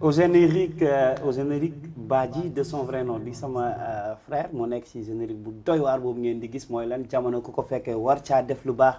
au générique au générique Badji de son vrai nom di sama euh, frère mu nekk ci générique bu doy waar ngeen di gis mooy lan jamono ku ko fekkee war caa def lu baax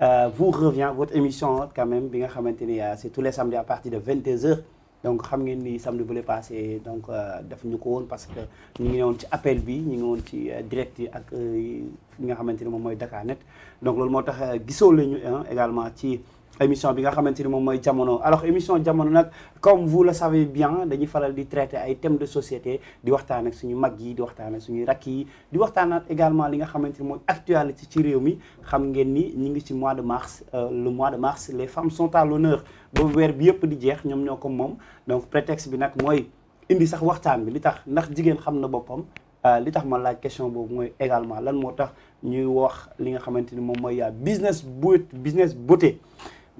euh, vous revient votre émission quand même bi nga xamante ni euh, c'est tous les samedis à partir de 22h. donc xam ngeen ni samedi bu le passé donc euh, daf ñu ko woon parce que ñu ngi ne woon ci appel bi ñu ngi woon ci euh, direct yi ak fi euh, nga xamante ne moom mooy Dakar Net donc loolu moo tax gisoo lañu également ci émission bi nga xamante ni moom mooy jamono alors émission jamono nag comme vous le savez bien dañuy faral di traiter ay thèmes de société di waxtaan ak suñu mag yi di waxtaan ak suñuy rakk yi di waxtaanaat également li nga xamante ni mooy actualité ci réew mi xam ngeen ni ñu ngi ci mois de mars euh, le mois de mars les femmes sont l'honneur ba weer bi yëpp di jeex ñoom ñoo ko moom donc prétexte bi nag mooy indi sax waxtaan bi li tax ndax jigéen xam na boppam euh, li tax ma laaj question boobu mooy également lan moo tax ñuy wax li nga xamante ni moom mooy business euh, bu business beauté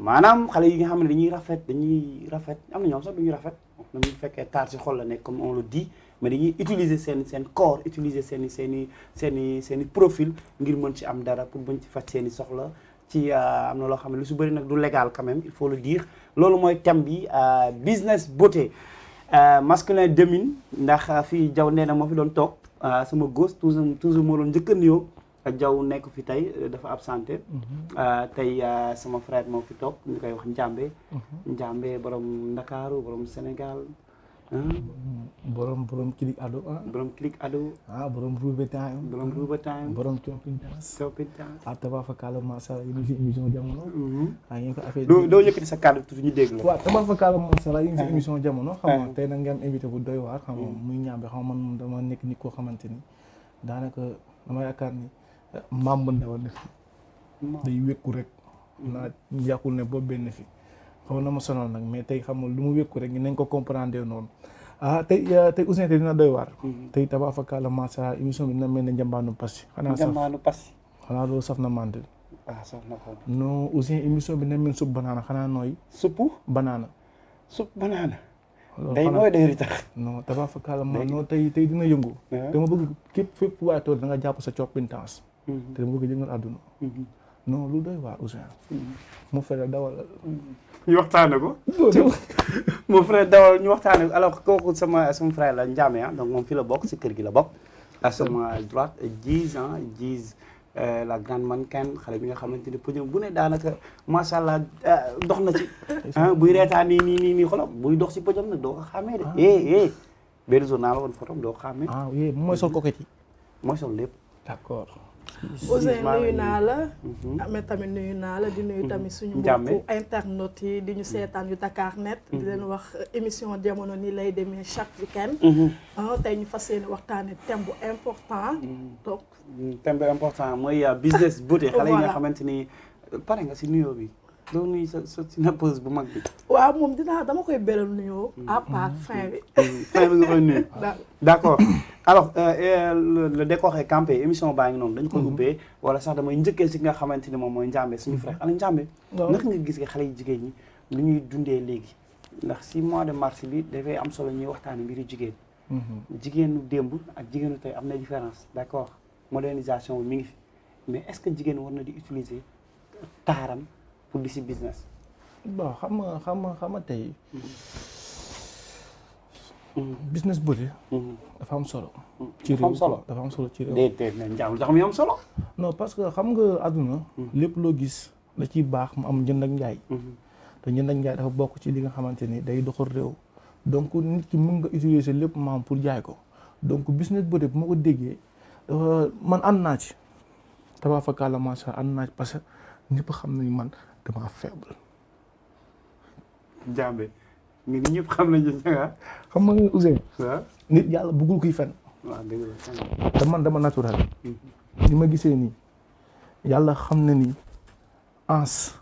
maanaam xale yi nga xam ne dañuy rafet dañuy rafet am na ñoom sax duñuy rafet même fekkee taar si xol la nekk comme on le dit mais dañuy utiliser seen seen corps utiliser seeni seeni seen i seen i seen profil ngir mën ci am dara pour mën ci faj seen i soxla ci euh, am na loo xam ne lu si bëri nag du légal quand même il faut le dire loolu mooy thème bi euh, business beauté euh, masculin domine ndax fii jaw nee na moo fi doon toog sama gos toujours toujours moo doon njëkkan yow jaw nekk fi tey euh, dafa absenté mhm. euh, tey euh, sama frère moo fi toog ñu koy wax Njàmbe mhm. Njàmbe Ndakaaru borom Sénégal mhm. borom borom click ado borom click ado ah borom Rouba ah, Time borom Rouba Time borom Shopping Dance Shopping ah, a ngi si émission jamono ah yéen ko affaire doo doo yëkkati sa kàddu ñu dégg la waaw ah. émission jamono xam tey nag nga am invité bu doy waar xam nga mm. muy ñaambe xam nga man dama nekk nit koo xamante ni daanaka dama yaakaar ni maam bu newoon day wékku rek naa mm. yàqul ne boobu benn fi xaw na ma sonal nag mais tey xamul lu mu wékku rek nañ ko comprender noonu ah tey ah, tey Ouzin tey dina mm-hmm. tey tabaa fakka la émission bi dina mel ne njambaanu passi xanaa saf njambaanu passi xanaa loolu saf na mandil ah saf na émission bi dina mel supp banaana xanaa nooy suppu banaana supp banaana day nooy day ritax non tabaa fakka la ma non tey tey dina yëngu dama ah. bëgg képp fépp waay tool da nga jàpp sa coppintaas Mm-hmm. te mu ngi yëngal àdduna. Mm-hmm. non lu doy waar Ouzin. Mm-hmm. mu fexe dawal. ñu waxtaane ko. mu fexe dawal ñu waxtaane ko alors kooku sama sama frère la Ndiame ah donc moom fi bokk si kër gi la bokk. à sama droite dix ah. euh, la grande mannequin xale bi nga xamante ni podium bu ne daanaka macha allah euh, dox na ci. Ah, buy reetaan nii nii nii nii xolam buy dox si podium nag doo xàmmee de. Ah. eh eh benn journal woon photo doo xàmmee. mooy sol coquette yi. mooy sol lépp. d'accord. Ousseyn nuyu naa la mhm. amee tamit nuyu naa la di nuyu mhm. tamit suñu mbokku internet yi di ñu seetaan yu Dakar net di mhm. leen wax émission jamono nii lay demee chaque week-end ah, tey ñu fas yéene waxtaane thème bu important donc mm, thème bu important mooy euh, business beauté xale yi nga xamante ni pare nga si nuyoo bi doo nuyu sa sa synapose bu mag bi. waaw moom dinaa dama koy beral nuyoo. Mm-hmm. à part fin bi. Mm-hmm. Mm-hmm. d' accord alors euh, euh, le, le décor est campé émission baa ngi noonu. dañ koy ubbee wala sax damay njëkkee si nga xamante ni moom mooy njàmbe suñu frère ana njàmbe. waaw naka nga gis nga xale yu jigéen ñi lu ñuy dundee léegi. ndax si mois de mars bi dafay am solo ñuy waxtaanee mbiru jigéen. jigéenu démb ak jigéenu tey am na différence d' accord modernisation bi mi ngi fi mais est ce que jigéen war na di utiliser taaram. pour di si business. bon xam nga xam nga xam nga tey. Mm-hmm. Mm-hmm. business bëri. Mm-hmm. dafa am solo. ci réew dafa solo ci réew. déedéet mais njaam am solo. non parce que xam nga àdduna. lépp loo gis da ciy baax mu am jënd ak njaay. te jënd ak njaay dafa bokk ci li nga xamante ni day doxal réew. donc nit ki mën nga utiliser lépp maam pour jaay ko donc business bëri bu ma ko déggee man ànd naa ci. tabax fa kàlla macha ànd naa ci parce que ñëpp xam nañu man. dama faible. Njambe nit ñëpp xam nañu ah. nit yàlla bëggul kuy fen. waaw te man dama naturel. Mm-hmm. ni ma gisee nii yàlla xam na ni ans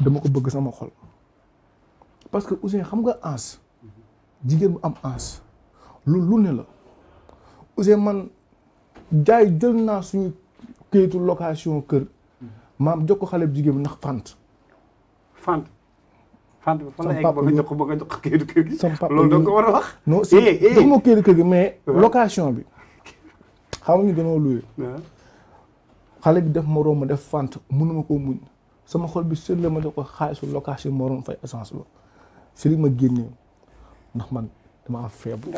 dama ko bëgg sama xol parce que aussi xam nga ans mm-hmm. jigéen bu am ans loolu lu ne la Ousseyn man jaay jël naa suñu kayitu location kër mm-hmm. maam jox ko xale bu jigéen bi ndax fant. fant fant bi fan la egg ba loolu da ko war a wax. non eh, si eh. joxuma këyitu kër gi mais. location bi xamuñu dañoo luwe. xale bi def ma def fant mënuma koo muñ sama xol bi seet ma jox ko xaalisu location morom fay essence ba si li ma génnee ndax man damaa feebu.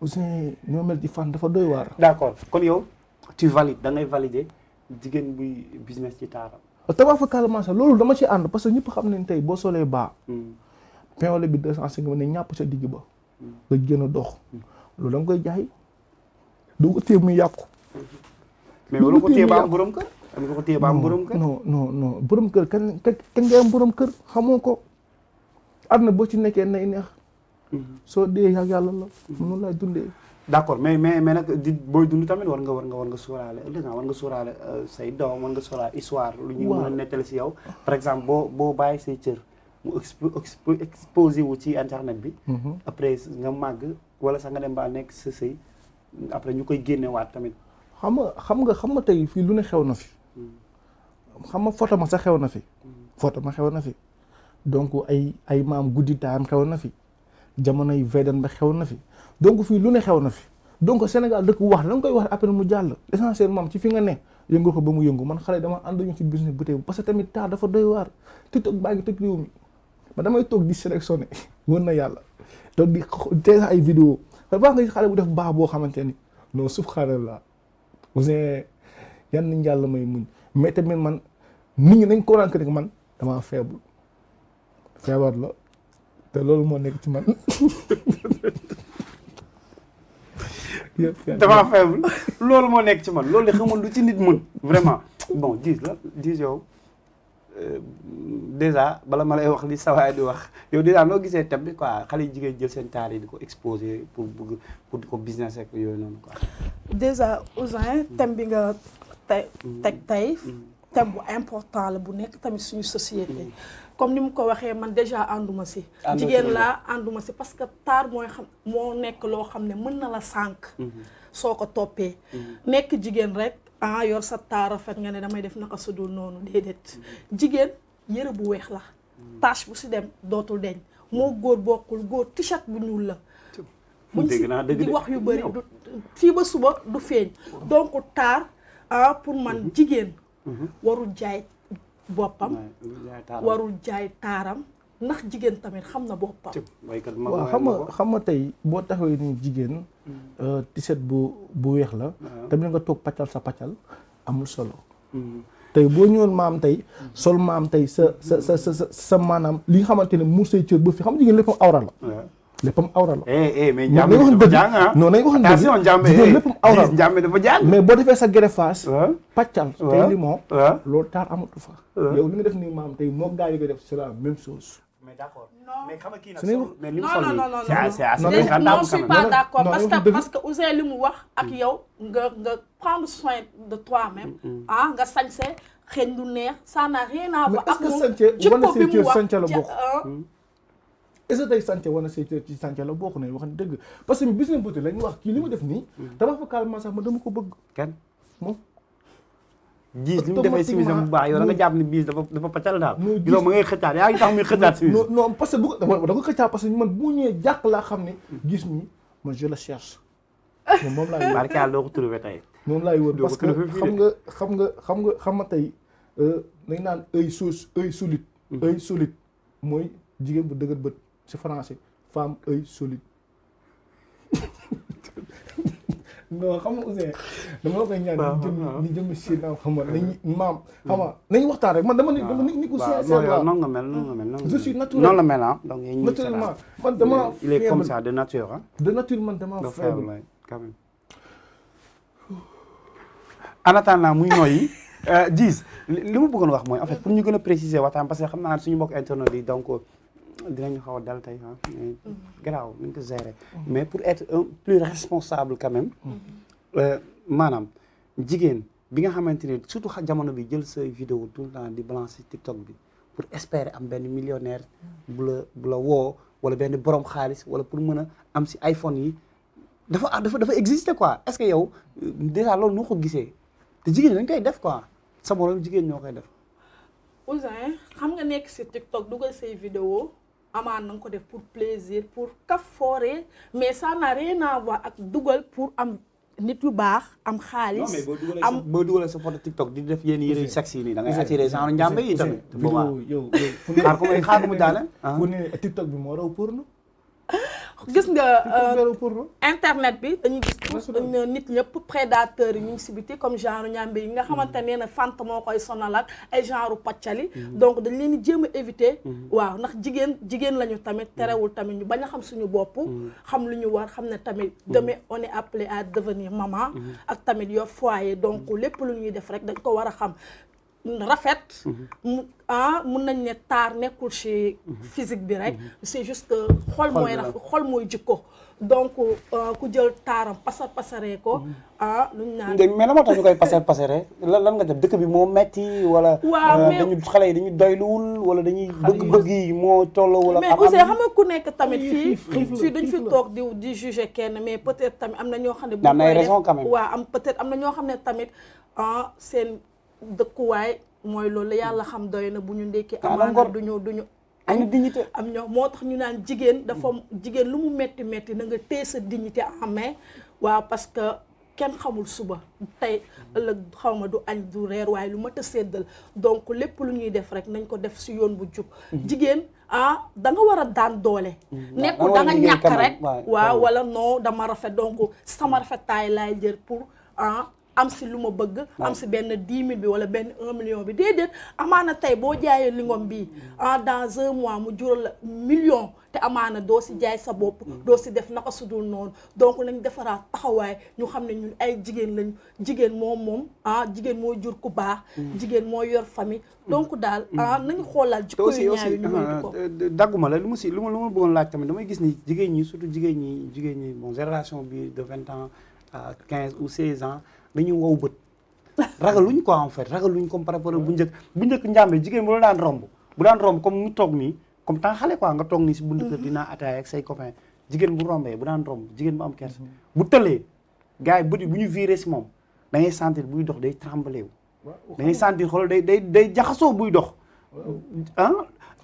Ouzin ñoo mel ci fan dafa doy waar. d' accord kon yow tu valides da ngay jigéen buy business ci taaram. tabax fa Casamance loolu dama ci ànd parce que ñëpp xam nañ tey boo solee baa hmm. pain bi deux cent cinquante ne ñàpp sa digg ba hmm. nga a dox loolu da koy jaay du ko téye muy yàqu mais wala ko téye ba am borom kër am ko téye ba kan kan ngay am borom xamoo ko àdduna boo ci nekkee nay neex hmm. soo dee yàgg yàlla la mënu laa dundee d' accord mais mais mais nag di booy dund tamit war nga war nga war nga sóoraale ëllëg war nga sóoraale euh, say doom war nga sóoraale histoire. lu ñu mën a nettali si yow. par exemple boo boo bàyyi say cër mu expo exposé wu ci internet bi. Mm-hmm. après nga màgg wala sax nga dem ba nekk sa sëy après ñu koy génnewaat tamit. xam nga xam nga xam nga tey fii lu ne xew na fi. Mm. xam nga photo ma sa xew na fi. Mm. photo ma xew na fi. donc ay ay maam guddi taan xew na fi jamonoy Védène ba xew na fi. donc fii lu ne xew na fi donc Sénégal dëkk wax la koy wax après mu jàll essentiel moom ci fi nga ne yëngu ko ba mu yëngu man xale dama ànd ñu ci business bu tey parce que tamit taa dafa doy waar TikTok baa ngi tëj réew mi ba damay toog di sélectionné wër na yàlla donc di tey ay vidéo da baax nga xale bu def baax boo xamante ni non subhanallah Ouzin yan nañ yàlla may muñ mais tamit man nit ñi nañ ko rànk rek man damaa faible feebar la te loolu moo nekk ci man damaa faible loolu moo nekk ci man loolu de xamul lu ci nit mën vraiment bon dis la dis yow euh, déjà bala ma lay wax li sawaay di wax yow déjà noo gisee thème bi quoi xale yi jigéen jël seen taar yi di ko exposer pour bugg pour di ko business ak yooyu noonu quoi déjà Ousin thème bi nga te teg mm. tey mm. thème bu important la bu nekk tamit suñu société mm. comme ni mu ko waxee man déjà ànduma si jigéen laa ànduma si parce que taar mooy xam moo nekk loo xam ne mën na la sànq mhm. soo ko toppee mhm. nekk jigéen rek ah yor sa taar rafet nga ne damay def naka sudul noonu déedéet mhm. jigéen yëre bu weex la tache bu si dem dootul deñ moo góor bokkul góor t bu ñuul la buñ si di wax yu bëri fii ba suba du feeñ donc taar ah pour man jigéen warul jaay boppam warul jaay taaram ndax jigéen tamit xam na boppam waaw xam nga xam nga tey boo taxawee ni jigéen hmm. euh, tiset bu bu weex la tamit nga toog paccal sa paccal amul solo hmm. tey boo ñëwoon maam tey hmm. sol maam tey sa sa sa sa sa maanaam li nga xamante ne muur say cër ba fii xam nga jigéen lépp awra la léppam awra la. Eh, eh, mais njàmbe dafa jàng ah non nañu waxoon dëgg non nañu waxoon dëgg léppam awra la njàmbe dafa jàng. mais boo defee sa greffage. waaw pàccal. waaw tey limon. waaw loolu taar amatu fa. yow li nga def nii maam tey moom gaa yi koy def c'est la même chose. mais d'accord mais xam nga kii nag. mais li mu sol nii c'est assez non non non non je suis pas d'accord parce que parce que Ouzin li mu wax ak yow nga nga prendre soin de toi-même. Mm, mm. ah nga sañse xëy lu neex ça n'a rien à voir ak moom jikko bi mu wax est-ce que tey chantier war na see ci chantier la bokk nañ wax ne dëgg parce que business beauty lañ wax kii li mu def nii. tabax fa carrément sax ma dama ko bëgg. kenn moom. gis li mu defee simise bu baax yow da nga jàpp ne biis dafa dafa pàccal daal. non gis ma ngay xëccaat yaa ngi tax muy xëccaat simise. non non parce que bu ko da nga xëccaat parce que man bu ñëwee jàkk laa xam ne. gis mi man je la cherche. moom moom laay wër barkaal doo ko trouvé tey. moom laay wër parce xam nga xam nga xam nga xam nga tey euh, dañ naan œil sous œil solide. Mm-hmm. œil mooy jigéen bu dëgër bët ci français femme œil xam nga Ousseyn dama la koy ñaan. waaw waaw ñu xam nga nañu maam. xam nga nañu waxtaan ma man dama ni dama ni ku. waaw nga mel non nga mel. je suis naturel non la mel ah. donc yéen ñii c'est man dama il est comme ça de nature ah. man dama faible waaw quand même. en attendant muy nooyi. Euh, Diz li ma bëggoon wax mooy en fait pour ñu gën a préciser waxtaan parce que xam naa suñu mbokk internet yi dinañu xaw a dal tey ah mais mm-hmm. garaaw nañ ko gérer mm-hmm. mais pour être un plus responsable quand même mm-hmm. euh, maanaam jigéen bi nga xamante ne surtout jamono bi jël say vidéo tout le temps di balancer TikTok bi pour espérer am benn millionaire bu la woo wala benn borom xaalis wala pour mën am si iPhone yi dafa ah, dafa dafa exister quoi est-ce que yow euh, déjà loolu noo ko gisee te jigéen dañ koy def quoi sa morom jigéen ñoo koy def Ouzin xam nga nekk si TikTok dugal say vidéo amaan na nga ko def pour plaisir pour kafoore mais ça n'a rien à voir ak dugal pour am nit yu baax am xaalis. am boo dugalee sa photo TikTok di def yenn yëre yu sexy nii da ngay attiré genre njàmbe yi tamit. vidéo yow yow xaar ko may xaar mu daane. ku ne TikTok bi moo raw porno gis nga euh, internet bi dañuy gis nit ñëpp prédateurs yi ñu ngi si biti comme genre ñambi yi nga xamante nee na fant moo koy sonal ak ay genre paccali mhm. donc dañ leen di jéem a éviter mhm. waaw ndax jigéen jigéen la ñu tamit terewul tamit ñu bañ a xam suñu bopp mhm. xam lu ñu war xam ne tamit demain on est appelé à devenir maman ak tamit yor foyer donc lépp lu ñuy def rek dañ ko war a xam rafet mhm. ah mun nañ ne taar nekkul ci mhm. physique bi rek mhm. c'est juste que xol mooy rafet xol mooy jikko donc euh, ku jël taaram pasar pasaree ko lu ah, luñ naan mais la moo tax ñu koy pasar pasaree lan lan nga def dëkk bi moo metti wala waaw euh, dañu xale yi dañu doyluwul wala dañuy bëgg-bëgg yi moo tolloo wala mais nga nekk tamit fii fii dañ fi toog mais peut-être tamit am na ñoo xam ne ñoo xam ne tamit ah, seen dëkkuwaay mooy loolu yàlla xam doy na bu ñu ndekkee amaana duñu duñu am dignité am ñoo moo tax ñu naan jigéen dafa hmm. jigéen lu mu metti metti na nga téye sa dignité amee waaw parce que kenn xamul suba tey ëllëg ma du añ du reer waaye lu mat a séddal donc lépp lu ñuy def rek nañ ko def si yoon bu jub hmm. jigéen ah da war a daan doole nekkul hmm. da nga ñàkk rek waaw wala non dama rafet donc sama rafetaay laay jër pour ah am si lu ma bëgg am si benn dix mille bi wala benn un million bi déedéet amaana tey boo jaayee lingom bii en ah, dans un mois mu jural la million te amaana doo si jaay sa bopp mm. doo si def naka sudul noonu donc nañ defaraat taxawaay ñu xam ne ñun ay jigéen lañ jigéen moom moom ah jigéen moo jur ku baax mm. jigéen moo yor famille mm. donc daal ah nañu xoolaat jikko yu ñaaw yi ñu mën ko ah, euh, dagguma la lu ma si lu ma lu ma bëggoon laaj tamit damay gis ni jigéen ñi surtout jigéen ñi jigéen ñi bon génération bi de vingt ans à quinze ou seize dañu wow bët ragaluñ quoi en fait ragaluñ comme par rapport bu njëkk bu njëkk njàmbe jigéen bu la daan romb bu daan romb comme mu toog nii comme temps xale quoi nga toog nii si bunt kër dinaa ataaya ak say copain jigéen bu rombee bu daan romb jigéen bu am kersa bu tëlee gars yi bët bu ñu viré si moom da ngay buy dox day tremblé wu da ngay sentir xool day day day jaxasoo buy dox ah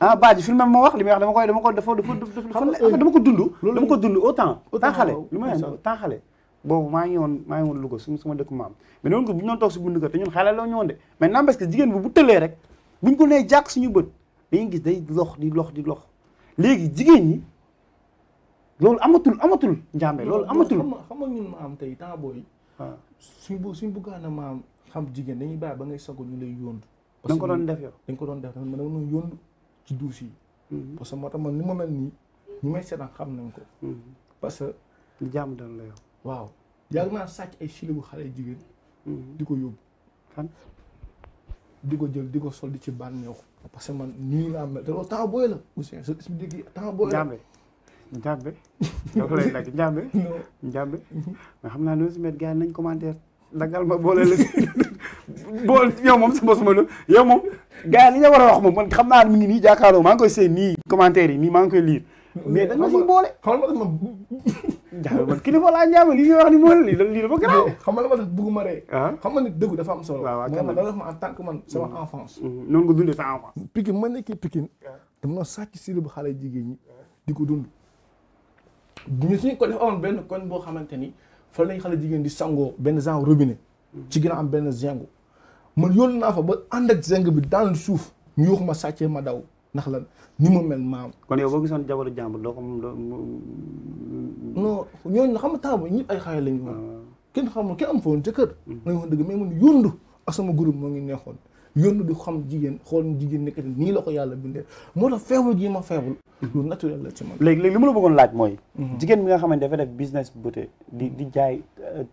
ah Badji fi ma wax li may wax dama koy ko dafa dafa dafa dama ko dund dama ko dund autant temps xale li ma temps boobu maa ngi woon maa ngi woon Louga su sama dëkk maam mais noonu ko bu ñu doon toog si bunt kër te ñun xale la ñu woon de mais naam parce que jigéen bi bu tëlee rek buñ ko nee jàkk suñu bët dañuy gis day lox di lox di lox léegi jigéen ñi loolu amatul amatul njàmbe loolu amatul xam nga ñun ma am tey temps booy ah. suñ bu suñ bëggaan a maam xam jigéen dañuy bàyyi ba ngay sago ñu lay yónd da nga ko doon def yow dañ ko doon def man dama doon yónd ci duus yi mm-hmm. parce que moo tax man ni ma mel nii ñi may seetaan xam nañ ko mm-hmm. parce que jàmm dal la yow waaw yàgg naa sàcc ay bu xale jigéen. Mm-hmm. di ko yóbbu. di ko jël di ko sol di ci bànneexu. parce que man nii laa mel te loolu temps booy la. Ousseyn njàmbe njàmbe njàmbe. njàmbe xam naa loolu si met gars yi nañ commentaire dagal ma boole la si bool yow moom sama sama la yow moom gars yi li nga war a wax moom man xam naa mu ngi nii jàkkaarloo maa ngi koy seen nii commentaire yi nii maa ngi koy lire. mais dañ ma siy boole. xool ma njaabe man kilifa laa njaabe li ñuy wax ni a lii lii dafa garaaw xam nga la ma tax bëgguma ree ah? xam nga ne dëgg dafa am solo waaw mais man da def ma en tant que man sama mm-hmm. enfance mm-hmm. noonu nga dundee sa enfance Pikine ma nekkee Pikine ah. dama noon sàcc si bu xale jigéen ñi ah. di ko dund ñu suñu ko def amoon benn kon boo xamante ni fa lañ xale jigéen di sangoo benn genre robinet mm-hmm. ci ginnaaw am benn zingo man yóolu naa fa ba ànd ak zingo bi dans le suuf ñu yuux ma sàccee ma daw ndax la ni mu mel maam. kon yow boo gisoon jabaru jàmbur doo ko moom doo. non ñooñu xam nga taamu ñëpp ay xaay lañu woon. Ah. kenn xamul kenn am fa woon ca kër. nañu wax dëgg mais man yóndu groupe neexoon yóndu di xam jigéen xool jigéen nekk nii la ko yàlla bindee moo tax feebul gii ma feebul. lu naturel la ci man. léegi ma bëggoon laaj mooy. Mhm. jigéen bi nga xamante dafa def business beauté di di jaay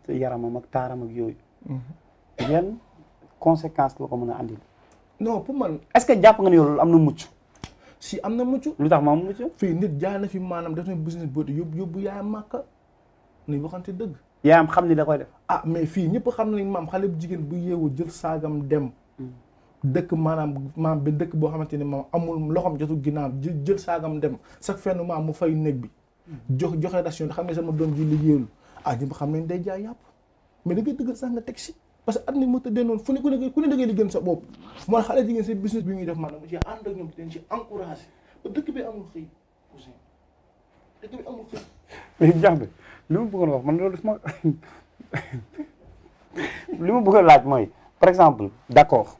euh, yaramam ak taaram ak yooyu. Mhm. yan conséquence la ko mën a andil. non pour man. est que jàpp nga am na mucc. si am na mucc. lu tax ma am mucc. fii nit jaay na fi maanaam def na business boobu yóbbu yóbbu yaayam màkka ni waxante dëgg. am xam ni da koy def. ah mais fii ñëpp xam nañ maam xale bu jigéen bu yeewu jël saagam dem. dëkk maanaam maam bi dëkk boo xamante ne maam amul loxoom jotu ginnaaw jël saagam dem chaque fenn mu fay néeg bi. jox joxe ration xam ne sama doom ji liggéeyul ah ñëpp xam nañ day jaay yàpp mais da ngay dëgg sax nga teg si. parce que at mi mu tëddee noonu fu ne ku ne ku ne da ngay di gën sa bopp mooy xale jigéen seen business bi ñuy def maanaam ci ànd ak ñoom di leen ci encouragé ba dëkk bi amul xëy Ouzin dëkk bi amul xëy. mais jàmbi li ma bëggoon wax li ma bëgg a laaj mooy par exemple d'accord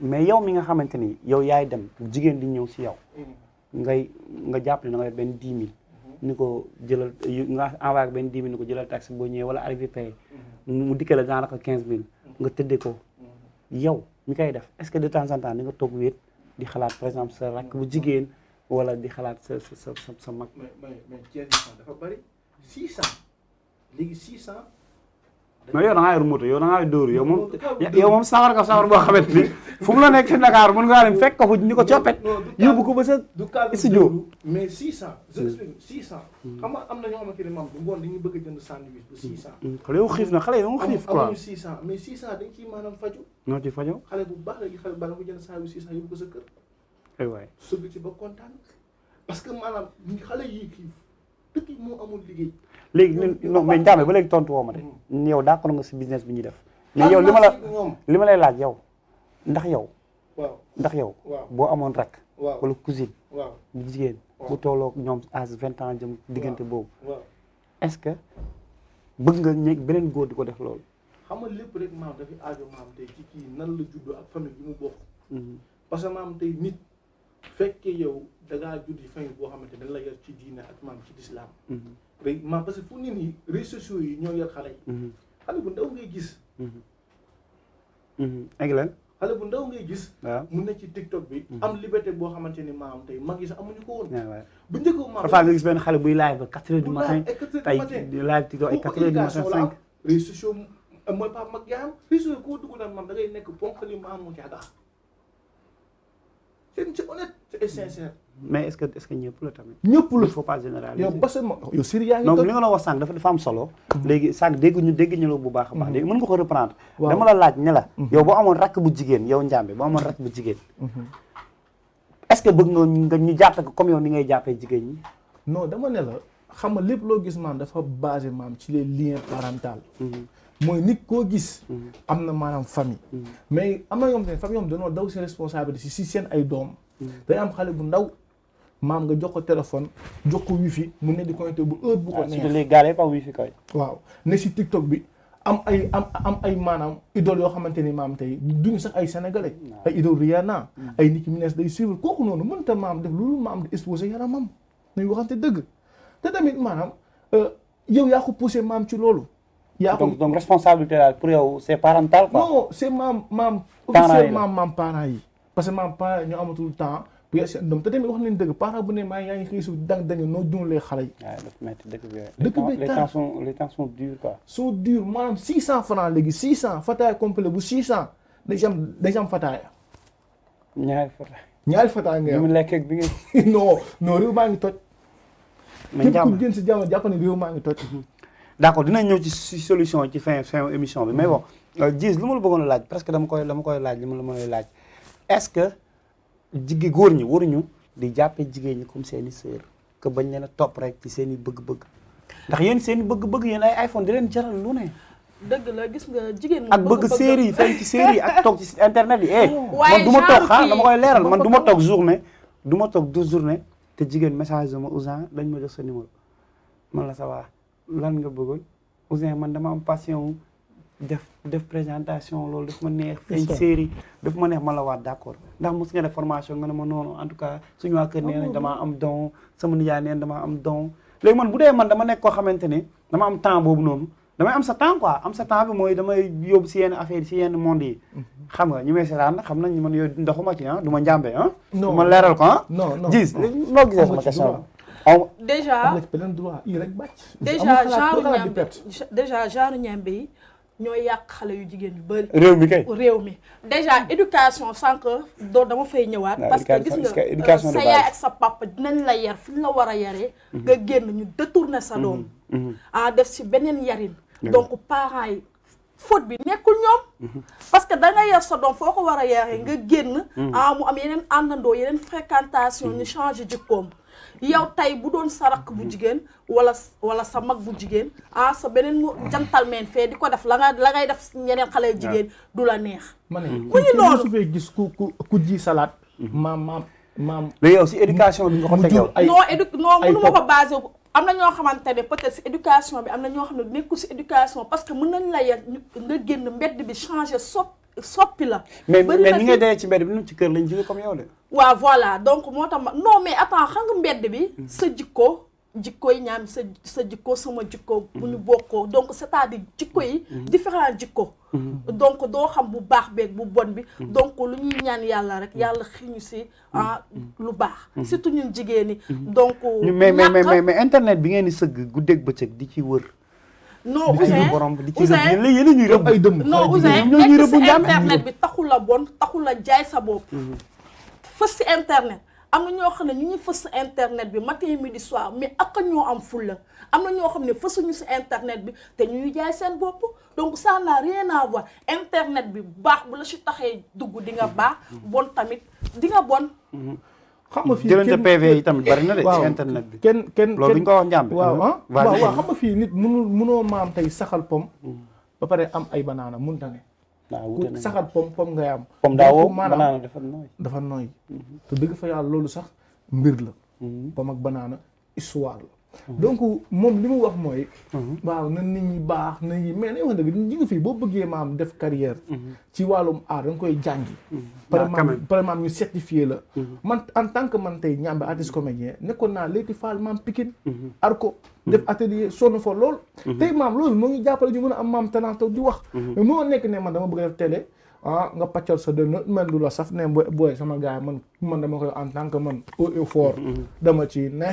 mais yow mi nga xamante ni yow yaay dem jigéen di ñëw si yow. Mm. ngay nga jàpp ne da nga benn dix ni ko jëlal nga envoyé ko benn dix mille ni ko jëlal taxi boo ñëwee wala arrivé payé mu dikkee la genre quinze mille nga tëddee ko yow mi koy def est ce que de temps en temps di nga toog wéet di xalaat par exemple sa rakk bu jigéen wala di xalaat sa sa sa sa mag. mais non yow da ngaa yor moto yow da ngaa dóor yow moom sawar nga sawar boo xamante ni fu la nekk fi Dakar mën ngaa dem fekk ko fu ñu ko coppet yóbbu ko hmm. xam am na ñoo xamante ne maam bu ngoon dañuy bëgg a jënd sandwich bu six cent xale hmm. yow xiif na mais six cent dañ ciy faju noo ci fajo xale bu baax léegi xale bu baax la ko jënd sandwich six cent yóbbu ko sa parce que maanaam xale yii xiif dëkk moo amul liggéey. léegi non mais Ndiame ba léegi tontu woo ma de. Hmm. yow d'accord nga si business bi ñuy def. mais yow li ma la li ma lay laaj yow ndax yow. waaw ndax yow. boo amoon rak. wala cousine. waaw bu jigéen. bu tooloo ñoom âge vingt ans jëm diggante boobu. est-ce que bëgg nga ñeeg beneen góor di ko def loolu. xam nga lépp rek maam dafa aajo maam tey ci kii nan la juddoo ak famille bi mu bokk. Hmm. parce que maam tey nit fekkee yow. da ngaa judd famille boo xamante dañ la yar ci diine ak maam ci lislaam mhm. rek maam parce que fu nit ñi réseaux sociaux yi ñoo yar xale yi mhm. xale bu ndaw ngay gis mhm. ak lan xale bu ndaw ngay gis waaw mun na ci tiktok bi am liberté boo xamante ni maam tey mag yi sax amuñu ko woon bu njëkk maam parfois benn xale buy live ba quatre heures du tey live tiktok ay quatre heures du matin cinq réseaux mag yaa am réseaux sociaux koo dugg nag maam da ngay nekk ponk li maam mu jaaga c'est honnête et sincère. mais est-ce que est-ce que ñëpp la tamit. ñëpp la il faut pas généraliser. yow parce que yow Syrie yaa nga la wax sànq dafa dafa solo. Mm-hmm. léegi sànq dégg ñu dégg ñu bu baax a baax. Mm-hmm. léegi mën nga ko reprendre. dama la laaj ne la. Mm-hmm. yow boo amoon rakk bu jigéen yow Ndiambe boo amoon rakk bu jigéen. est-ce que nga ñu jàpp ko comme yow ni ngay jàppee jigéen ñi. non dama ne la lépp loo gis maam dafa basé maam ci les liens parentaux. mooy nit koo gis. Mm-hmm. am na maanaam famille. Mm-hmm. mais am na ñoom tamit famille ñoom daw seen responsabilité si si seen ay doom. Mm-hmm. day am xale bu ndaw maam nga jox ko téléphone jox ko wifi mu ne di connecté bu heure bu ko ah, neex. surtout léegi gars wifi kay. waaw ne si TikTok bi am ay am am ay maanaam idole yoo xamante ni maam tey duñu sax ay sénégalais. ay idole Rihanna. ay nit Nicki Minaj day suivre kooku noonu mënut a maam def loolu maam di exposé yaramam. nañu te dëgg te tamit maanaam euh, yow yaa ko poussé maam ci loolu. yaa ko donc la pour yow c'est parental quoi. non c'est maam maam. yi. parce que maam parents yi ñoo amatul temps. bu yàgg seen doom te tamit wax nañu dëgg parent bu ne maa yaa ngi xëy suuf dang dang noo dundalee xale yi. waaw dafa métti dëkk bi dëkk bi les temps sont les temps sont durs quoi. fataaya complet bu 600 dañ si am fataaya. ñaari fataaya. ñaari fataaya nga yow. bi mu lekk bi nga. non non réew maa ngi toj. mais jàmm képp si jàmm jàpp ne réew maa ngi toj. Mhm. d' accord dinañ ñëw ci solution ci fin fin émission bi mais bon gis euh, lu ma la bëggoon a laaj parce que dama koy dama koy laaj li ma la may laaj est ce que jigéen góor ñi waruñu di jàppe jigéen ñi comme seeni i sœur que bañ leen a topp rek ci seen i bëgg-bëgg ndax yéen seen i bëgg-bëgg yéen ay iPhone di leen jaral lu ne. la gis nga jigéen ak bëgg série yi fenn ci série yi ak toog ci internet yi. Eh, oh. waaye man ma toog ah dama koy leeral man du ma toog journée. du ma toog deux journée te jigéen message ma Ousin dañ ma jox sa numéro man la sa waa lan nga bëggoon Ouzin man dama am passion def def présentation loolu daf ma neex. feeñ série daf ma neex ma la waat d' accord ndax mos nga def formation nga ne ma noonu en tout cas suñu waa kër ah am don sama nijaay nee damaa am don léegi man bu dee man dama nekk koo xamante ne dama am temps boobu noonu damay am sa temps quoi am sa temps bi mooy damay yóbbu si yenn affaire si yenn monde yi. Mhm. xam nga ñu may seetaan xam nañ man yooyu ndoxuma ci ah du ma njàmbe ah. ma leeral ko ah. non déjà am na ci beneen droit yi rek bàcc. déjà genre ñaambi déjà genre ñaambi yi ñooy yàq xale yu jigéen yu bëri. réew mi kay réew mi déjà éducation sànq doo dama fay ñëwaat. parce que gis nga euh, sa yaay ak sa papa dinañ la yar fi ñu la war a yaree. Mhm. nga génn ñu détourner sa mhm, doom. Mhm. ah def si beneen yarin. donc parents yi. faute bi nekkul ñoom. parce que da nga yar sa doom foo ko war a yaree nga génn. ah mu am yeneen àndandoo yeneen fréquentation ñu changer jikkoom. yow tey bu doon sa rakk bu jigéen wala wala sa mag bu jigéen ah sa beneen jantalmeen fee di ko def la nga la ngay def ñeneen xale jigéen du la neex ku ñu loolu su fee gis ku ku ku ji salaat maam mm-hmm. maam maam mais yow si éducation bi nga ko tegal ay non édu non mënu ko basé am na ñoo xamante ne peut si éducation bi am na ñoo xam ne nekku si éducation parce que mën nañ la yar nga génn mbedd bi changer sop soppi la. mais mais ni nga dee ci mbedd bi ñun ci kër lañ jóge comme yow de. waaw voilà donc moo tax ma non mais attends xam nga mbedd bi. Hmm. sa jikko. jikkooy ñaam sa sa jikko sama jikko bu ñu bokkoo donc cest di dire jikko yi mhm. Mhm. différent jikko mhm. donc doo xam bu baax beeg bu bon bi donc lu ñuy ñaan yàlla rek yàlla xiñu si ah lu baax surtout ñun jigéen ñi donc mais mais mais mais internet bi ngeen di sëgg guddeeg bëccëg di ci wër non Ouzin Ouzin li yéen ñuy rëbb ay dëmm non Ouzin ñoo ñuy rëbb internet bi taxul la bon taxul la jaay sa bopp fës si internet am na ñoo xam ne ñu ngi fës si internet bi matin midi soir mais ak ñoo am fulla am na ñoo xam ne fësuñu si internet bi te ñu jaay seen bopp donc ça n'a rien à voir internet bi baax bu la si taxee dugg di nga baax bon tamit di nga bon. Mhm. xam nga fii jëlante PV yi tamit bari na de. ci internet bi kenn kenn loolu duñ ko wax njàmbe. waaw ah, waaw waaw xam fii nit mënul mënoo maam tey saxal pom. ba pare am ay banaana mun na ku saxat pom pom ngay am. pom daawoo maanaam dafa nooy dafa nooy. Mhm. te dëgg fa yàlla loolu sax mbir la. Mhm. pom ak banaana histoire la. donc moom li mu wax mooy. Mhm. waaw na nit ñi baax na ñi mais nañu wax dëgg ñi nga fii boo bëggee maam def carrière. Mhm. ci wàllum aar da koy jàngi. Mhm. par pare maam ñu certifié la. man en tant que man tey ñaambe artiste comédien nekkoon naa léegi faal maam Pikine. ar ko def atelier sonn fa lool. tey maam loolu moo ngi jàppale ñu mën a am maam talent taw di wax. moo nekk ne man dama bëgg def télé. Ah, nga pàccal sa dënn man du la saf ne booy sama gars man man dama koy en tant que man au dama ci ne.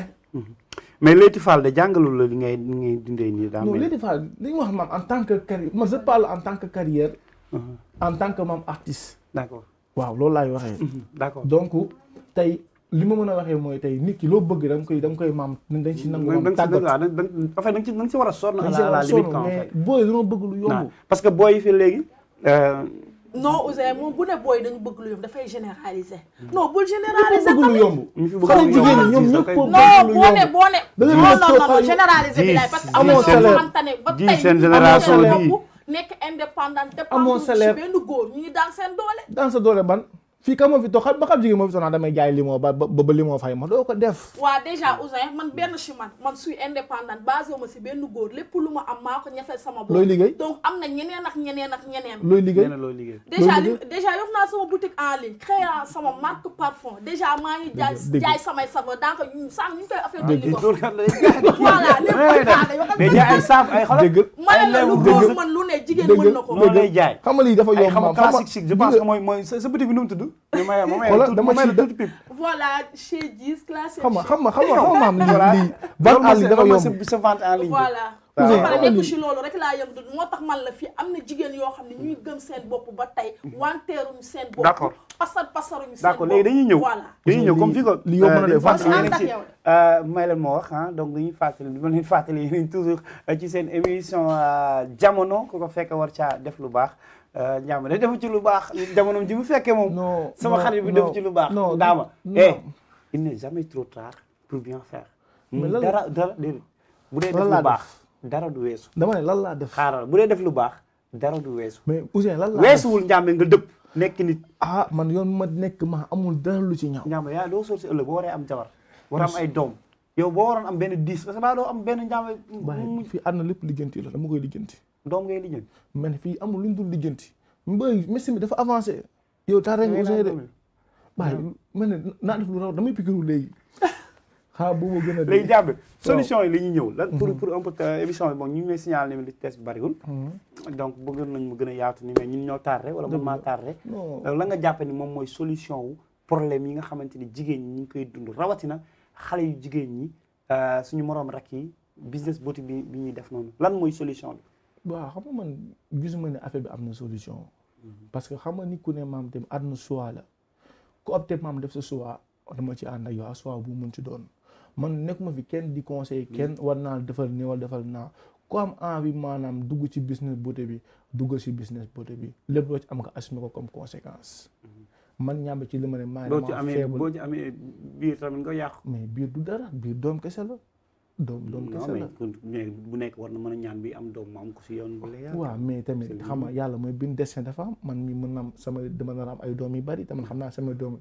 mais Leyti Fall de jàngalul la li ngay li ngay dundee nii. daa mel non Leyti Fall wax maam en tant que carrière man je parle en tant que carrière. Uh-huh. en tant que maam artiste. d' accord waaw loolu laay waxee. Uh-huh. d' accord donc tey li ma mën a waxee mooy tey nit ki loo bëgg da koy da nga koy maam dañ si nangu maam tàggat da nga da nga si da nga si a sonn. à la booy yi bëgg lu yomb. parce que booy yi fi léegi. Euh, non Ouzin moom bu ne booy da nga bëgg lu yomb dafay généraliser. Hmm. non bul généraliser bëgg lu yomb. xale jigéen ñi bëgg lu yomb. non boo ne boo ne. non non généraliser bi laay parce que amoo salaire ba tey seen génération bi nekk indépendante. amoo salaire dépendre ci benn góor ñu ngi daan seen doole. daan sa ban. fii ka moo fi toog xam ba xam jigéen moo fi sonal damay jaay limon ba ba limon fay ma doo ko def. waaw déjà Ouzin man benn si man man suis indépendante basé wu ma si benn góor lépp lu ma am maa ko ñafel sama bopp. looy liggéey donc am na ñeneen ak ñeneen ak ñeneen. looy liggéey looy liggéey. déjà li déjà yor naa sama boutique en ligne créé sama marque parfum déjà maa ngi jaay jaay samay savon donc sànq ñu ngi koy affaire. dégg nga dégg nga voilà lépp ay taale yoo xam ne. mais ay saaf ay xolal. dégg nga dégg lu góor mën lu ne jigéen mën na ko. dégg nga dégg nga xam nga lii dafa yomb. ay xam nga classique je pense que mooy mooy sa boutique bi nu mu tudd dama ci tuuti pip voilà chez Gis classé xam nga xam nga xam nga am lii vente en ligne dafa yomb sa vente en ligne voilà soo rek laa moo tax man la fii am na jigéen yoo xam ne ñuy gëm seen bopp ba tey wanteeruñu seen bopp d'accord pasar pasaruñu seen bopp d'accord léegi dañuy ñëw voilà dañuy ñëw comme fii ko li yomb na euh, de vente en ligne ci euh, may leen moo wax ah donc dañuy fàttali dama leen fàttali yéen toujours euh, ci seen émission jamono ku ko fekk war caa def lu baax Euh, ñaama de defu ci lu baax jamono ji mu fekkee moom. sama xarit bi defu ci lu baax. non daama eh il n'est jamais pour bien faire. dara dara déedéet bu dee def lu baax dara du weesu. dama ne lan laa def xaaral bu dee def lu baax dara du weesu. mais Ousseyn lan weesu weesuwul njàmbe nga dëpp. nekk nit ah man yoon ma nekk ma amul dara lu ci ñaaw. njàmbe yaa doo soor si ëllëg boo waree am jabar. war am ay doom yow boo waroon am benn diis parce que maa doo am benn njàmbe. mu fi ànd lépp liggéenti la dama koy liggéenti. doom ngay lijjanti. man fii amul lu ñu dul lijjanti. mbay Messi mi dafa avancé. yow taa rek nga de. waaye man ne naa def lu raw damay pikiru léegi. gën a. léegi jàpp solution yi la ñuy ñëw. lan pour mhm. pour un peu émission ñu ngi may signalé ne li test bi bariwul. Mhm. mu gën a yaatu ni mais ñun ñoo tardé wala man maa tardé. la nga jàpp ni moom mooy solution wu problème yi nga xamante ni jigéen ñi ñu ngi koy dund rawatina xale yu jigéen ñi euh, suñu moroom rakk yi business booti bi bi ñuy def noonu lan mooy solution bi. waaw xam nga man gisuma ne affaire bi am na solution. Mhm. parce que xam nga ni ku ne maam tamit àdduna choix la ku opté maam def sa choix dama ci ànd ak yow bu mun ci doon man nekk nekkuma fi kenn di conseil kenn mhm. war naa defal nii wala defal naa kom am envie maanaam dugg ci business beauté bi dugg ci business beauté bi lépp loo ci am nga assumé ko comme conséquence. Mhm. man ñàmb ci li ma ne. maa ngi boo ci amee boo ci amee biir tamit nga yàq. mais biir du dara biir doom kese la. doom doom mm, kese la mais bu nekk war na mën a ñaan bi am doom am ko si yoon bu mais tamit xam na yàlla mooy bind destin dafa man mi mën na sama dama nar am ay doom yu bari te xam naa sama doom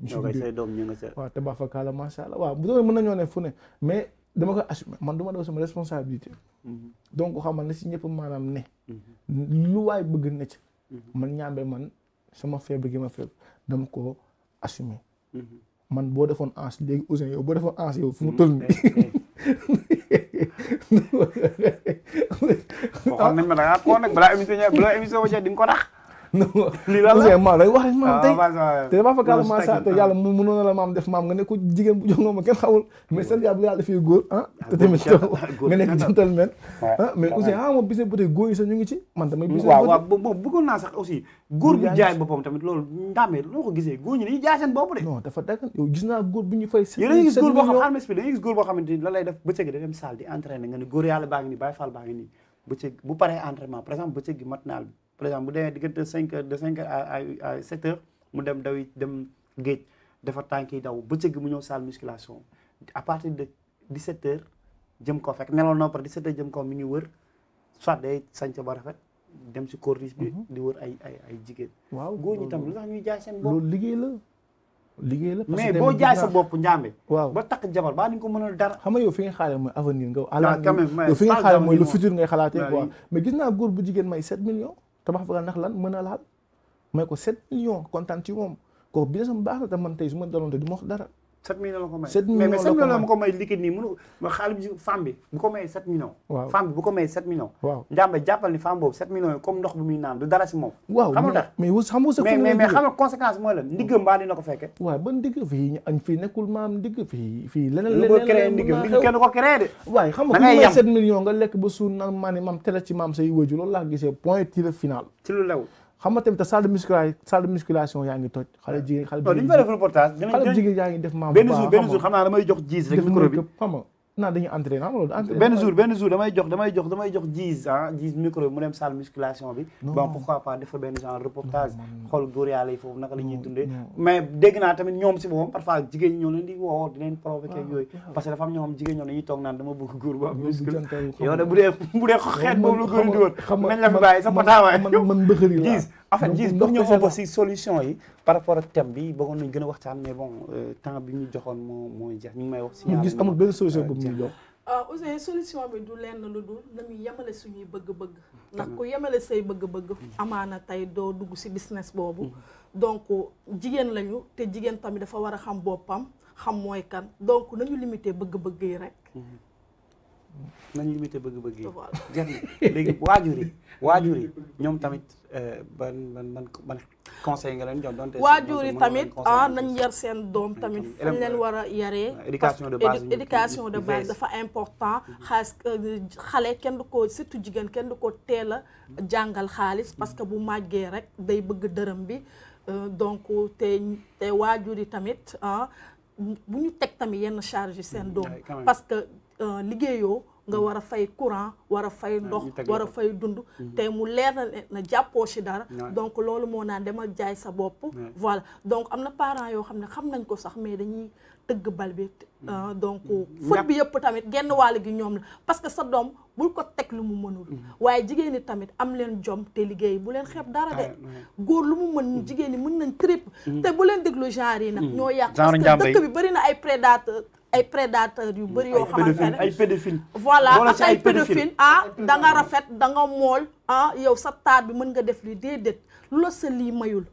waaw te baa fa kaala macha allah waaw bu doon mën nañoo ne fu ne mais dama koy assumer man du ma daw sama responsabilité mm-hmm. donc xam man la si ñëpp maanaam ne mm-hmm. lu waay bëgg ne ci mm-hmm. man ñaambe man sama feebar gi ma feebar dama koo assumer man boo defoon ans léegi Ousin yow boo defoon ans yow fu mu mm, toll nii. waxoon nañ ma da ngaa ko nag balaa émission balaa émission di nga ko tax. lii daal la maam day wax maam tey mu mënoon na la ma nga ko gisee góor ñi dañuy jaay seen bopp de non dafa daggan yow gis naa góor a ngi gis góor xam armes bi da ni la lay def bëccëg da dem salle di entraîné nga ne góor yàlla baa ngi nii bàyyi fall baa ngi nii bu paree entraînement par exemple bëccëg gi matinal bi par exemple bu demee diggante cinq heures de cinq heures à à sept heures mu dem dawi dem géej dafa tànk yi daw bëccëg mu ñëw salle musculation à partir de 17 heures jëm ko fekk neloon na par 17 heures jëm ko mi ngi wër soit day sanc ba rafet dem si corniche bi mhm. di wër ay ay ay jigéen waaw góor ñi tam lu tax ñuy jaay seen bopp la liggéey la mais boo jaay sa bopp njàmbe waaw ba takk jabar baa ni gis naa góor bu jigéen may 7 millions tabax Fagal ndax lan mën a laal may ko 7 millions kontaan ci moom kooku bi ne baax la su ma daloon te du dara. 7 millions la ko may. 7 millions la ko may mais mais 7 millions la ma ko may liquide nii mënu ma xaalis bi femme bi bu ko mayee 7 millions. waaw femme bi bu ko fii fii nekkul maam ndigg fii fii waaye xam nga ku may 7 millions nga lekk ba suun na maa ne maam teel ci maam say wëju loolu laa gisee point tiré final. ci lu lew xam nga tamit salle de musculation salle de musculation yaa ngi toj. xale jigéen xale jigéen xale jigéen yaa ngi def membre. benn jour benn jour xam naa damay jox jiis rek micro bi xam nga naa dañuy entraîner xam nga benn jour benn jour damay jox damay jox damay jox dix ah dix micro bi mu dem salle musculation bi. bon pourquoi pas def fa benn genre reportage. xool góor yàlla yi foofu naka la ñuy dundee. mais dégg naa tamit ñoom si boppam parfois jigéen ñi ñoo leen di woo di leen provoqué ak ah, yooyu. parce que dafa am jigéen ñoo dañuy toog naan dama bëgg góor bu am muscle. bu dee xeet boobu la góor di woon. xam nga man man man bëxër en fait gis pour ñëw si solution yi par rapport ak thème bi bëggoon nañ gën a waxtaan mais bon euh, temps bi ñu joxoon moo mooy jeex ñu ngi may wax si gis amul benn solution mu euh, jox euh, ah Ouzin solution bi du lenn lu dul nañu yemale suñuy bëgg-bëgg ndax ku yemale say bëgg-bëgg amaana tey doo dugg si business boobu mm-hmm. donc jigéen lañu te jigéen tamit dafa war a xam boppam xam mooy kan donc nañu limité bëgg-bëgg yi rek mm-hmm. nañ limité bëgg-bëgg yi. jërë ngeen léegi waajur yi waajur yi ñoom tamit euh, ban ban ban ban conseil nga leen jox donte. waajur yi tamit ah nañ yar seen doom tamit fu leen war a yare éducation de base de base dafa important. xaalis euh, xale kenn du ko surtout jigéen kenn du ko teel a jàngal xaalis parce que bu màggee rek day bëgg dërëm bi euh, donc te te waajur yi tamit ah bu ñu teg tamit yenn charge seen doom parce que. Euh, liggéeyoo nga war a mm. fay courant war a fay ah, ndox war a fay dund mm-hmm. tey mu leer na na jàppoo si dara donc loolu moo naan demal jaay sa bopp voilà donc am na parent yoo xam ne xam nañ ko sax mais dañuy tëgg bal bi mm. euh, donc mm. faute bi yëpp tamit genn wàll gi ñoom la parce que sa doom bul ko teg lu mu mënul mm-hmm. waaye jigéen ñi tamit am leen jom te liggéey bu leen xeeb dara de ah, góor lu mu mën jigéen ñi mën nañ trip te bu leen déglu genre yi nag ñoo yàq parce que dëkk ay prédateurs yu bëri yoo xamante ne ay pédophile voilà ak ay pédophile ah rafet da mool ah yow sa taar bi mën nga def li déedéet lu la sa lii mayul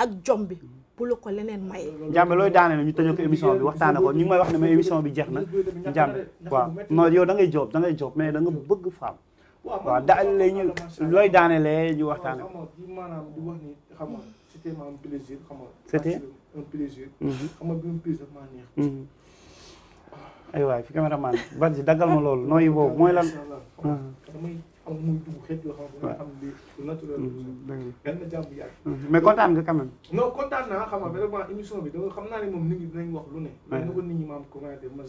ak jom bi bu la ko leneen maye. Njambe looy daane ñu tëjoo ko bi waxtaane ko ñu ngi may wax ne ma émission bi jeex na Njambe waaw non yow da ngay job da ngay job mais danga bëgg femme waaw daal la ñu looy daanelee ñu waxtaane ko maanaam di wax ni xam nga nga c'était un plaisir xam nga mhm. bi mu plus daf maa ay waay fi caméraman bat ji daggal ma loolu nooyi boobu mooy lan ah. mm-hmm. mm-hmm. mais kontaan nga quand même. non kontaan naa xam nga bi donc xam naa ne moom nit ñi dinañ wax lu ne. mais ni ko nit ñi maam commenté ma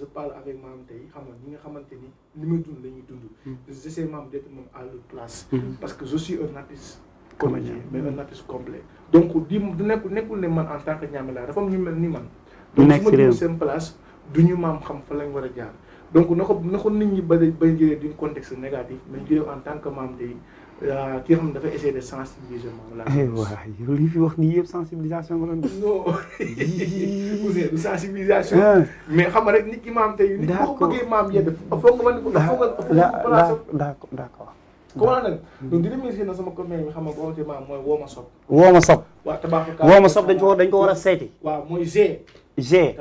dund la dund. Mm-hmm. j'essaie maam d'être moom à place. parce que je suis un complet. donc di nekkul ne man en tant que Ñaame laa dafa am ñu mel ni man. donc su ma dugg seen place. du ñu maam xam fa lañ war a jaar donc na ko na ko nit ñi ba bay jëlee duñ contexte négatif mais jëlee en tant que maam tey euh, ki nga xam ne dafa essayer de sensibiliser moom la. aywa yow li fi wax nii yëpp sensibilisation nga doon def. non du sensibilisation. Ah. mais xam nga rek nit ki maam tey. d' accord nit ko bëggee maam yedd foog nga mën ko. d'accord d' accord. comment nag. donc di remercier na sama commune bi xam nga boo xam ne maam mooy woo ma sopp. woo ma sopp. waaw tabax. woo ma sopp dañ ko dañ ko war a seeti. waaw mooy G. G.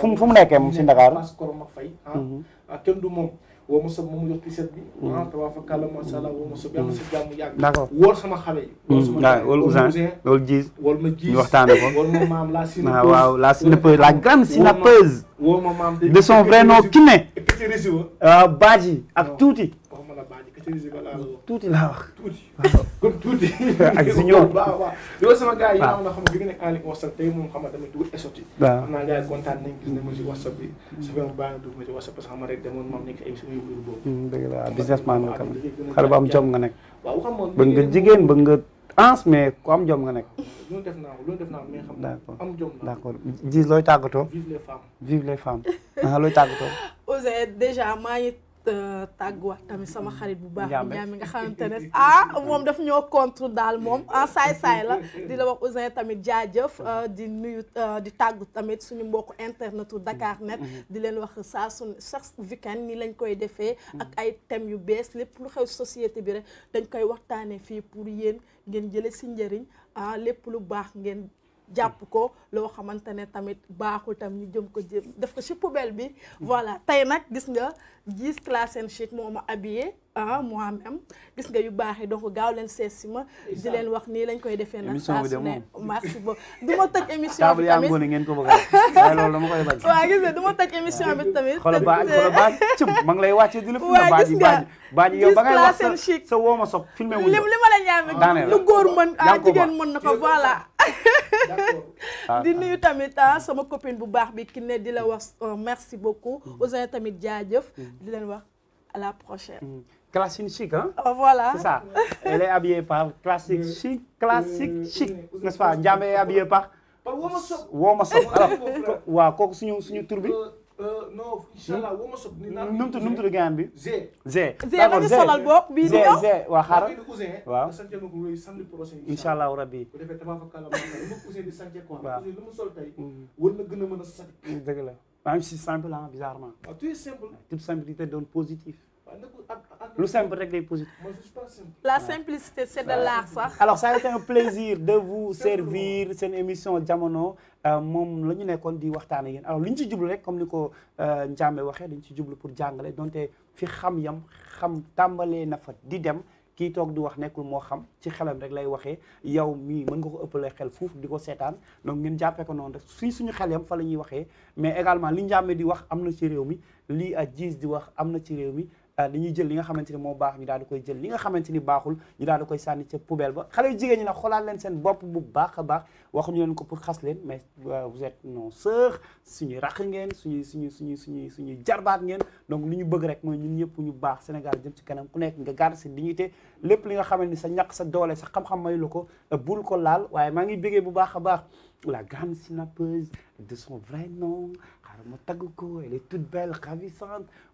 fu mu fu mu nekkee moom si Ndakaaru. Ah. Mhm. Ah, kenn du moom. woo ma sob moom jox tiset bi. Mhm. ah tabaarakalla macha allah woo ma sob yàlla sa jàmm yàgg. d' accord wóor sama xale. wóor mhm. sama xale wóor Ousin wóor Gise. wóor ma Gise ñu waxtaanee ko. wóor ma maam la synappeuse ah, la synappeuse la grande synappeuse. wóor ma maam de son vrai nom Kiné. waaw ak tuuti. utiliser ko laa wax. tuuti laa wax. a comme tuuti. ak junior waaw waaw. loolu sama gars yi nga xam ne bi ma si WhatsApp bi. Mm. su na dugg ma si WhatsApp parce que xam nga rek demoon moom nekk ay suñu mbir mm, jom nga nekk. waaw jigéen bëgg ans mais ku jom nga nekk. loolu def naa ko loolu def naa naa looy tàggatoo. vive les ah, déjà maa Euh, tàgg wax tamit sama xarit bu baax bi ñaami nga xamante ne ah moom daf ñoo contre daal moom ah saay-saay la di la wax Ouzin tamit jaajëf euh, di nuyu euh, di tàggu tamit suñu mbokku internetu Dakar Net mm-hmm. di leen wax saa su chaque weekend nii lañ koy defee mm-hmm. ak ay thèmes yu bees lépp lu xew société bi rek dañ koy waxtaanee fii pour yéen ngeen jële si njëriñ ah lépp lu baax ngeen jàpp ko loo xamante ne tamit baaxul tam ñu jëm ko jëm def ko ci poubelle bi voilà tey nag gis nga gis classe en chic moo ma habillé ah moi-même gis nga yu baax yi donc gaaw leen seet si ma. di leen wax nii lañ koy defee nag. émission bi de moom merci beaucoup du ma émission bi tamit table ngeen ko bëgg a loolu dama koy bañ. waaw gis nga du tamit. xoolal baa cëm ma ngi lay wàccee di la. waaw gis nga baaji yow ba ngay wax sa sa woo ma sopp filmé wu la ñaame lu góor mën ah jigéen mën na ko voilà. di nuyu tamit ah, sama copine bu baax bi ki ne di la wax oh, merci beaucoup. Mm-hmm. Ousin tamit jaajëf. Mm-hmm. di leen wax la prochaine. Mm-hmm. classique chic, hein oh, Voilà. C'est ça. Elle est habillée par classique mm. chic, classique mm. chic, n'est-ce pas Ndiamé est habillée par... Woma Sop. Woma Sop. waaw kooku bi. Euh, euh, non incha allah Woma Sop. nu mu tudd nu mu tudd gaan bi. Zé. Zé d'accord Zé solal bopp bii di ñëw. Zé Zé waa xaaral waaw. lu simple rek day positif. la simplicité c'est de l'art sax. alors ça a été un plaisir de vous servir seen émission jamono euh, moom la ñu nekkoon di waxtaan ak yéen alors li ñu ci jublu rek comme ni ko euh, Ndiame waxee dañ ci jublu pour jàngale donte fi xam yam xam tàmbalee na fa di dem. kii toog di wax nekkul moo xam ci xelam rek lay waxee yow mii mën nga ko ëppale xel fuuf di ko seetaan donc ngeen jàppee ko noonu rek fii suñu xel yam fa la ñuy waxee mais également li njàmme di wax am na ci réew mi lii ak gis di wax am na ci réew mi Euh, dañuy jël li nga xamante ni moo baax ñu daal di koy jël li nga xamante ni baaxul ñu daal di koy sànni ca poubelle ba xale yu jigéen ñi nag xoolaat leen seen bopp bu baax a baax waxuñu leen ko pour xas leen mais euh, vous êtes nos sœurs suñuy raq ngeen suñuy suñuy suñuy suñuy suñuy jarbaat ngeen donc li ñu bëgg rek mooy ñun ñëpp ñu baax Sénégal jëm ci kanam ku nekk nga garde ñuy dignité lépp li nga xamante ni sa ñàkk sa doole sa xam-xam mayu la ko euh, bul ko laal waaye maa ngi bëggee bu baax a baax la grande synappeuse de son vrai nom xaaral ma tagg ko elle est toute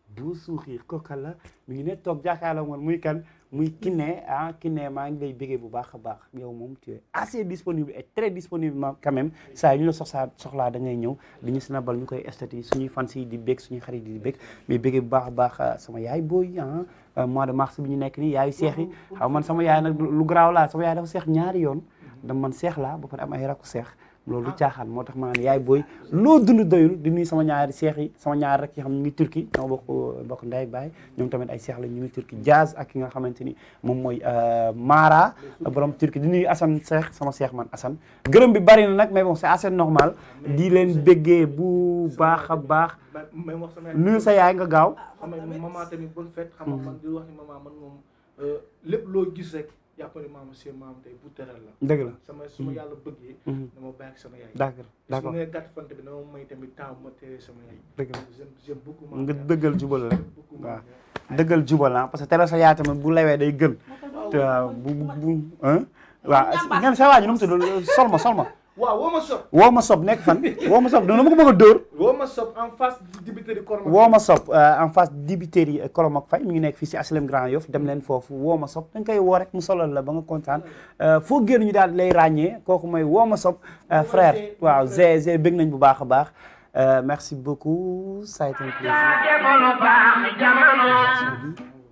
bu suuxir kooka la mu ngi ne toog jàkkaarloo moom muy kan muy Kiné ah Kiné maa ngi lay bëggee bu baax a baax yow moom tu es assez disponible et très disponible ma quand même saa yu ñu la soxlaa soxlaa da ngay ñëw di ñu sinabal ñu koy estati suñuy fans yi di bëgg suñuy xarit yi di bëgg mais bëggee bu baax a baax ah, sama yaay booy ah, ah mois de mars bi ñu nekk nii yaayu seex yi xaw man sama yaay lu garaaw laa sama yaay dafa seex ñaari yoon da man seex laa ba pare am ay rakku seex loolu ah. caaxaan moo tax ma yaay booy loo dund doyul di nuyu sama ñaari seex yi sama ñaar rek yi xam ñu ngi turki ñoo bokk bokk ndey ak baay ñoom tamit seex la ñu ngi turki jazz ak ki nga xamante ni moom mooy euh, Mara borom turki di nuyu Assane Seex sama seex man Assane gërëm bi bari na nag may bon c'est assez normal di leen béggee bu baax a baax nuyu sa yaay nga gaaw xam nga maman tamit bonne fête xam nga man di wax ni maman man moom euh, lépp loo gis rek jàppale maam la. dëgg la sama su mm-hmm. yàlla bëggee. dama mm-hmm. bàyyi ak sama yaay. d' accord d' accord nga dëggal jubal la waaw dëggal jubal la parce que sa yaay tamit bu lawee day gën. te bu bu bu. waaw ngeen sa solma solma. waaw woo ma sob woo ma sob nekk fan woo ma sob noonu ma ko bëgg a dóor woo ma sob euh, en face dibiteri Koromak woo ma sob Koromak Faye mi ngi nekk fii si HLM Grand Yoff dem leen foofu woo ma sob da nga koy woo rek mu solal la ba nga kontaan euh, foo génn ñu daal lay ràññee kooku mooy woo ma sob euh, frair waaw g g bëgg nañ bu baax a baax merci beaucoup ça a été un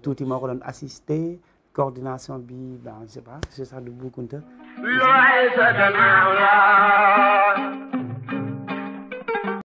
tuuti moo ko doon assisté coordination bi ben je sais pas c'est ça de Boukounta